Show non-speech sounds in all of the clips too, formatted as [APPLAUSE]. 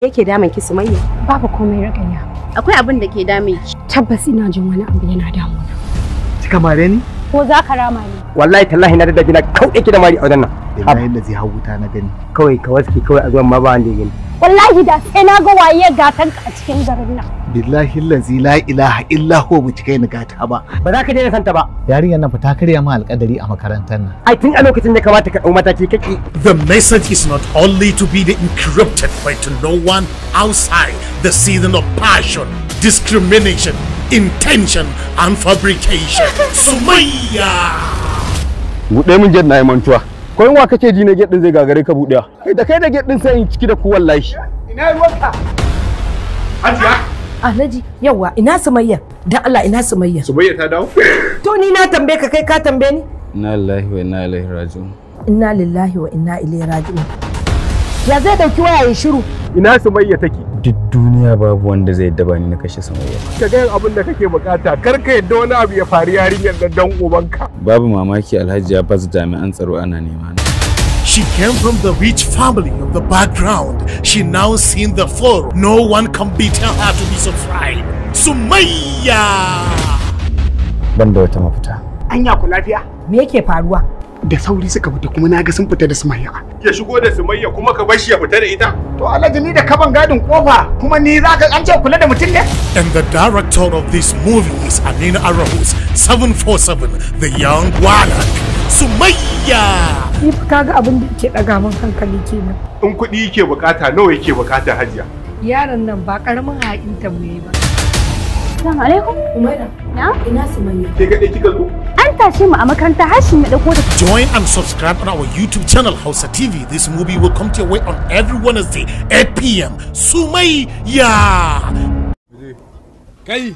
yake damun ki sumayya babu komai rakaya akwai abin da ke damun ki tabbas ina jin wani abu yana damuna kika mare ni ko za ka rama ni wallahi tallahi na da dabi kawai kauɗe da mari a wajen nan billahi da zai hau wuta na gani kawai ka waske kawai a zuwan ma ba wanda ya gani wallahi da sai na ga waye gatan ka a cikin garin nan billahi lazi la ilaha illa huwa mu cika ni gata ba ba za ka daina santa ba yarinyar nan fa ta karya ma alƙadari a makarantar nan I think a lokacin da kamata ka dau mataki kake the message is not only to be the encrypted by to no one outside the season of passion discrimination intention and fabrication [LAUGHS] sumayya bude min jet na yi mantuwa ko wa kake ji ne get din zai gagare ka buɗe kai da kai da get din sai in ciki da ku wallahi ina ruwanka hajiya alhaji yawa ina sumayya dan Allah ina sumayya sumayya ta dawo [LAUGHS] to ni na tambaye ka kai ka tambaye ni inna lillahi wa inna ilaihi raji'un inna lillahi wa inna ilaihi raji'un ya zai dauki waya ya shiru ina sumayya take duk duniya babu wanda zai daba ni na kashe samayya ka ga abin da kake bukata kar ka yadda wani abu ya faru yarinyar da dan ubanka babu mamaki alhaji ya bazu jami'an tsaro ana nema She came from the rich family of the background. She now seen the floor. No one can be tell her to be surprised. Sumayya! Ban da wata mafita. Anya ku lafiya? Me yake faruwa? da sauri suka fita kuma na sun fita da sumayya ya shigo da sumayya kuma ka bar shi ya fita da ita to alhaji ni da kaban gadin kofa kuma ni za ka an kula da mutum ne and the director of this movie is Amina Arahus 747 the young warlock sumayya ni fa kaga abin da yake daga min hankali kenan in kuɗi yake bukata nawa yake bukata hajiya yaron nan ba karamin ha'in ta ba Assalamu alaikum. Umaira. Na? Ina Sumayya. Ke kaɗai kika zo? An tashe mu a makaranta hashin ya ɗauko da. Join and subscribe on our YouTube channel Hausa TV. This movie will come to your way on every Wednesday 8 p.m. Sumayya. Kai.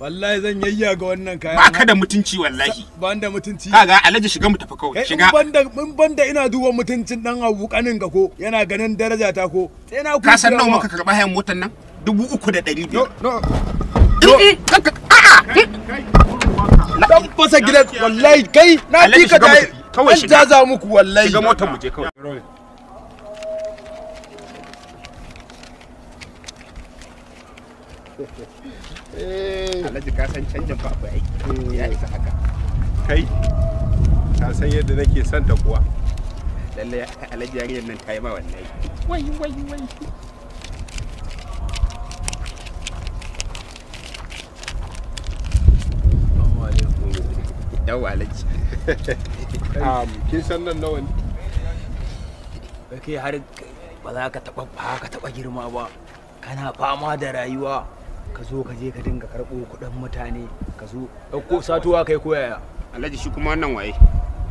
Wallahi zan yayya ga wannan kaya. Ba ka da mutunci wallahi. Ba da mutunci. Kaga alaji shiga mu tafi kawai. Shiga. Mun banda ina duba mutuncin dan abu kanin ga ko yana ganin daraja ta ko. Sai na ku. Ka san nawa muka karba hayan motar nan? dubu uku da ɗari biyar. Dan fasa gidan wallahi kai na fi ka da kawai shiga za muku wallahi. Shiga motar mu je kawai. Eh. Alhaji ka san canjin fa akwai aiki eh. ya isa haka. Kai ka san yadda nake son ta kuwa. Lallai Alhaji yariyar nan ta yi ma wallahi. Wai wai wai. dawo alaji [LAUGHS] um, kin san nan wani. ne kake har ba za ka taba ba ka taba girma ba kana fama da rayuwa ka zo ka je ka dinga karɓo kuɗin mutane ka zo ɗauko satuwa kai ko yaya. alhaji shi kuma wannan waye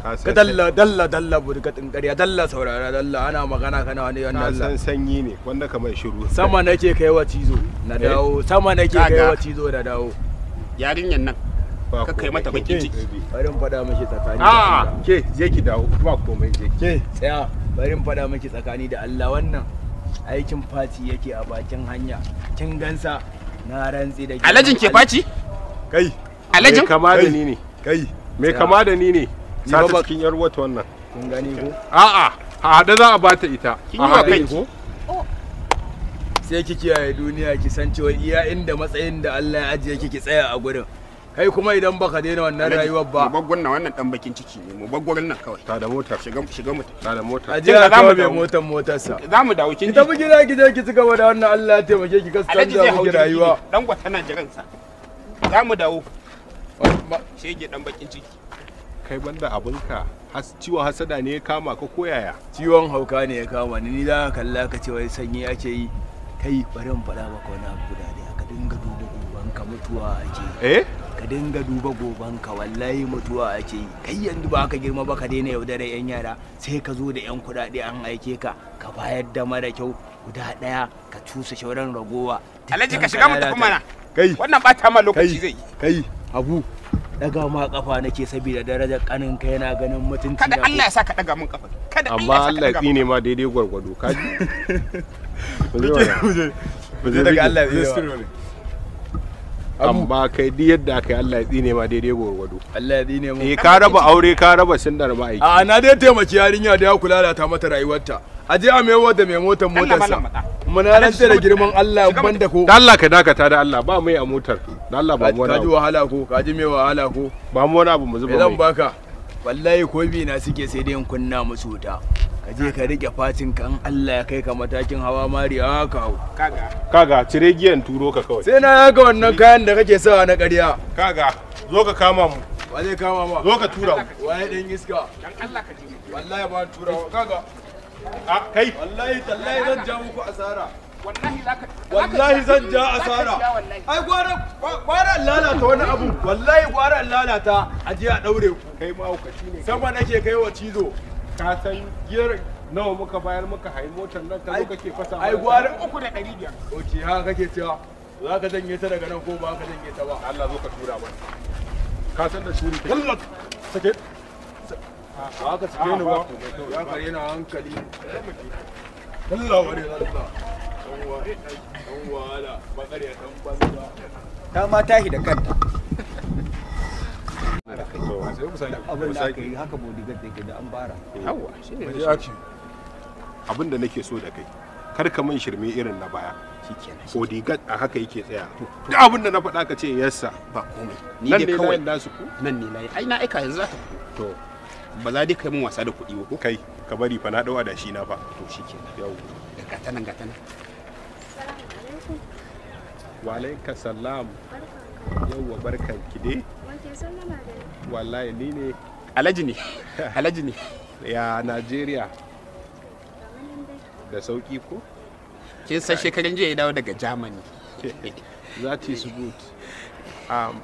ka dalla dalla dalla burgatsin ƙarya dalla saurara dalla ana magana kana wani yan dalla san sanyi ne wanda ka mai shiru sama nake kai wa cizo na eh? dawo sama nake kai wa cizo na dawo yarinyan nan ka kai mata bakin ciki bari in faɗa miki tsakani a ah! ke je ki dawo ba komai je ke tsaya bari in faɗa miki tsakani da Allah wannan aikin faci yake a bakin hanya kin gansa na rantsi da alajin ke faci kai alajin kama da ni ne kai me kama da ni ne sa ta cikin yar wata wannan kin gani ko a'a a hada za a bata ita a hada ko oh. sai ki kiyaye duniya ki san cewa iya inda matsayin da Allah ya ajiye ki tsaya a gurin kai kuma idan baka daina wannan rayuwar ba mu bagwan wannan dan bakin ciki ne mu bagwar nan kawai ta da mota shiga shiga mu ta da mota a za mu kawo motar motar sa za mu dawo kin ji ta bugi za ki je ki ci gaba da wannan Allah ya taimake ki gaskiya da mu rayuwa dan gwata na jiran sa za mu dawo shege dan bakin ciki kai banda abinka has ciwon hasada ne ya kama ka koyaya ciwon hauka ne ya kama ni ni za ka kalla ka ce wai sanyi ake yi kai bari mu faɗa maka wani abu guda ne aka dinga dubo uban ka mutuwa ake eh ka dinga duba goban ka wallahi mutuwa ake yi kai yanzu ba ka girma ba ka daina yaudare yan yara sai ka zo da yan kuɗaɗe an aike ka ka bayar da mara kyau guda ɗaya ka cusa shauran ragowa alhaji ka shiga mutu kuma na kai wannan bata ma lokaci zai kai abu daga ma kafa nake saboda darajar kanin ka yana ganin mutunci kada Allah ya saka [LAUGHS] daga mun kafa kada amma Allah ya tsine ma daidai gwargwado kaji daga Allah ya tsine amma kai di yadda kai Allah ya tsine ma daidai gwargwado Allah ya tsine mu eh ka raba aure ka raba sindar aiki a na dai taimaki yarinya da ya kula ta mata rayuwarta a je a mai wadda mai motar motarsa muna rantsa da girman Allah ban da ko dan Allah ka dakata da Allah ba mai a motar dan Allah ba mu wani abu ji wahala ko ka ji mai wahala ko ba mu wani abu mu zuba mai zan baka wallahi ko bi na suke sai dai kunna musu ta. ka je ka rike facin ka an Allah ya kai ka matakin hawa mariya ka kawo kaga kaga cire giyan turo ka kawai sai na yaka wannan kayan da kake sawa na ƙarya kaga zo ka kama mu wa zai kama ma zo ka tura mu waye dan iska dan Allah ka ji wallahi ba tura mu kaga a kai wallahi tallahi zan ja muku asara wallahi zan ja asara ai gwara gwara lalata wani abu wallahi gwara lalata aje a daure ku kai ma ku shine sai sama nake kai wa cizo ka san giyar nawa muka bayar muka hayi motar nan ta zo kake fasa ai gwari uku da ɗari biyar oke haka kake cewa za ka janye ta daga nan ko ba ka janye ta ba Allah zo ka tura mana ka san da shuri wallah sake ba ka sake ni ba ya kare na hankali Allah wani Allah dan wahala ba ya dan banza ta ma tahi da kanta sai mu sake abin da aka yi haka bodyguard yake da an bara yawa shine ne ake abin da nake so da kai kar ka min shirme irin na baya shikenan bodyguard a haka yake tsaya duk abin da na faɗa ka ce yassa ba komai ni da kawai nan su ku nan ne nayi ai na aika yanzu za ta to ba za dai kai mun wasa da kuɗi ba ko kai ka bari fa na dawa da shi na fa to shikenan yawa gata nan gata nan wa alaikas salam yawwa barkan ki dai wallahi ni ne alhaji ne [LAUGHS] alhaji ne ya najeriya da sauki ko kin san shekarun jiya ya dawo daga germany [LAUGHS] that is good um,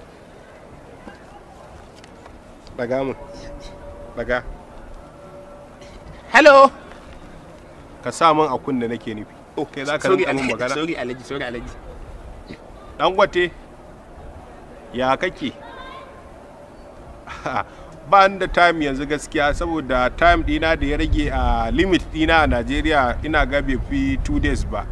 daga mun daga hello ka sa min a kunne nake nufi okay za ka rinka mun magana sorry alhaji sorry alhaji dan gwate ya kake [LAUGHS] ba da time yanzu gaskiya saboda time dina da ya rage a limit dina a najeriya ina ga bai fi 2 days ba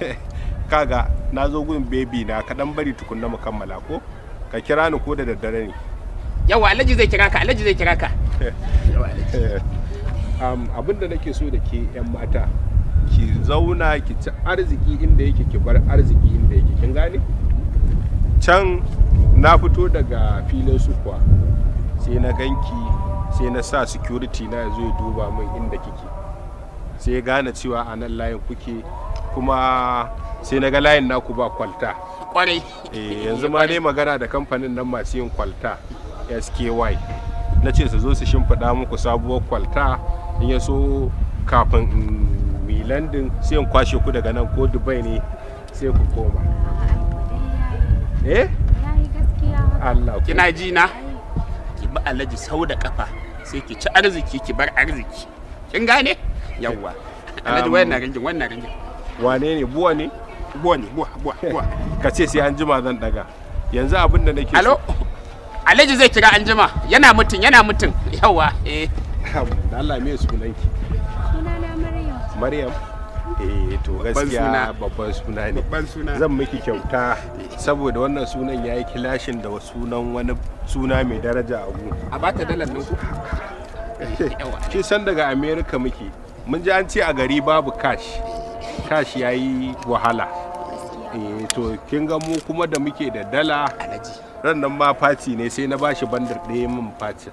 [LAUGHS] kaga na zo gudun baby na kaɗan bari tukunna mu kammala ko ka kira ni ko da daddare ne yawa alhaji zai kira ka alhaji zai kira ka [LAUGHS] abin da nake so da ke 'yan mata ki zauna ki ci arziki inda yake ki bar arziki inda yake kin gane can na fito daga filin sukuwa sai na ganki sai na sa security na zo ya duba min inda kike sai gane cewa a nan layin kuke kuma sai na ga layin naku ba kwalta kwarai eh yanzu ma ne magana da kamfanin nan masu yin kwalta SKY na ce su zo su shimfiɗa muku sabuwar kwalta in ya so kafin mi landin sai in kwashe ku daga nan ko Dubai ne sai ku koma eh Allah kina ji na ki bi alaji sau da kafa sai ki ci arziki ki bar arziki kin gane yawwa alaji wannan ringin wannan ringin wane ne buwa ne buwa ne buwa buwa buwa [LAUGHS] ka ce sai an jima zan daga yanzu abin da nake alo alaji zai kira an jima yana mutun yana mutun yawwa eh Allah me sunanki sunana Maryam Maryam eh to gaskiya babban suna ne babban suna zan miki kyauta saboda wannan sunan yayi kilashin da sunan wani suna mai daraja a a dalar nan ku ki san daga america muke mun ji an ce a gari babu cash cash yayi wahala eh, to kin ga mu kuma da muke da dala ran nan ma fati ne sai na bashi bandar ɗaya min fatin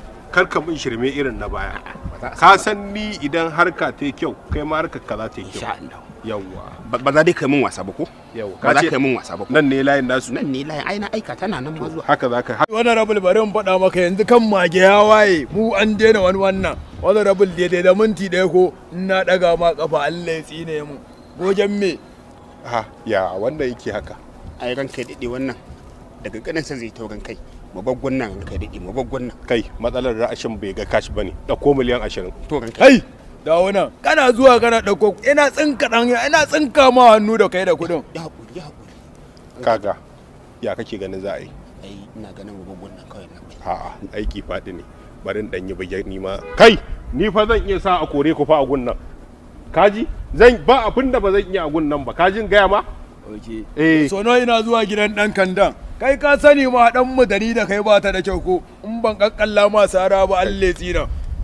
kar ka mun shirme irin na baya ka san ni idan harka ta yi kyau kai ma harka ka za ta yi kyau insha Allah yawwa ba za dai kai mun wasa ba ko yawwa ba za kai mun wasa ba nan ne layin nasu nan ne layin ai na aika tana nan ma zuwa haka za ka wannan rabul bare mun faɗa maka yanzu kan mage ya waye mu an daina wani wannan wannan rabul dai da minti ɗaya ko na ɗaga ma kafa Allah ya tsine mu gojen me ha ya wannan yake haka ai ranka daɗe wannan daga ganin sa zai taurin kai mabaggun nan ka daɗe mabaggun nan kai matsalar ra'ashin bai ga kashi bane dauko miliyan ashirin to kai dawo nan kana zuwa kana dauko. ina tsinka dan ina tsinka ma hannu da kai da kuɗin ya hakuri ya hakuri kaga ya kake ganin za a yi ai ina ganin mabaggun nan kawai na. a'a aiki faɗi ne barin dan yi ni ma kai ni fa zan iya sa a kore ku fa a gunnan. kaji zan ba abin da ba zan iya a gunnan ba kajin gaya ma Okay. Eh. So ina zuwa gidan dan kandan. kai ka sani ma dan mu da ni da kai ba ta da kyau ko in ban kakkalla ma sara ba alle tsira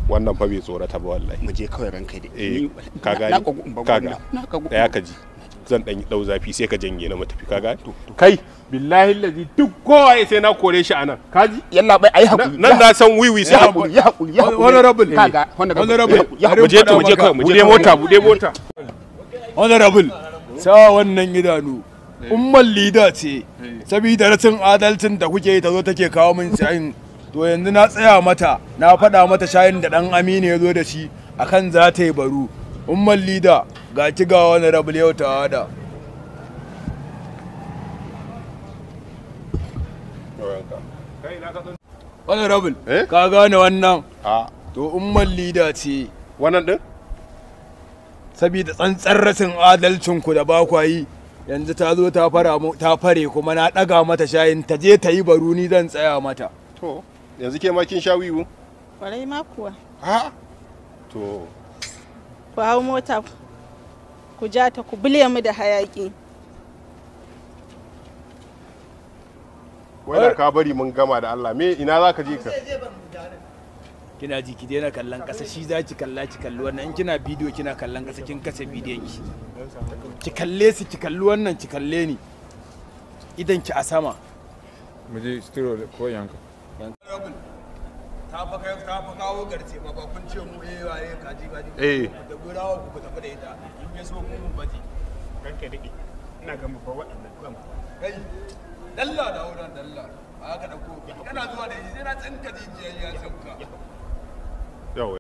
wannan fa bai tsorata ba wallahi mu je kawai ranka da eh ka gani kaga ya ka ji zan dan dau zafi sai ka janye na mu tafi ka ga kai billahi lazi duk kowa sai na kore shi anan ji yalla bai ai hakuri nan na san wiwi sai hakuri ya hakuri ya hakuri honorable ga honorable mu je mu je kawai mu je mota bude mota honorable sa wannan gidanu. Eh. umman lida ce saboda rashin adalcin da kuke yi ta zo take kawo min shayin to yanzu na tsaya mata na faɗa mata shayin da ɗan aminu ya zo da shi akan za ta yi baro umman lida ga ki ga wani rabu yau ta hada wani rabu eh? ka gane wannan to umman lida ce wannan din saboda tsantsar rashin ku da ba kwa yi yanzu ta zo ta fara ta fare kuma na daga mata shayin ta je ta yi ni zan tsaya mata to yanzu ke ma kin sha wiwu kwarai ma kuwa ha to ku hau mota ku ja ta ku bile mu da hayaki wai ka bari mun gama da Allah me ina za ka je ka kina ji ki daina kallon kasa shi za ki kalla ki kalli wannan in kina bidiyo kina kallon kasa kin kasa bidiyon ki ki kalle su ki kalli wannan ki kalle ni idan ki a sama mu je stiro ko yanka ta fa kai ta fa kawo garce ba kun ce mu eh waye eh da gurawa ku ku tafi da ita in ya so mun ina ga mu fa waɗannan kan kai dalla da wurin dalla ba ka dauko kana zuwa da yi sai na tsinka jijiyar ya sauka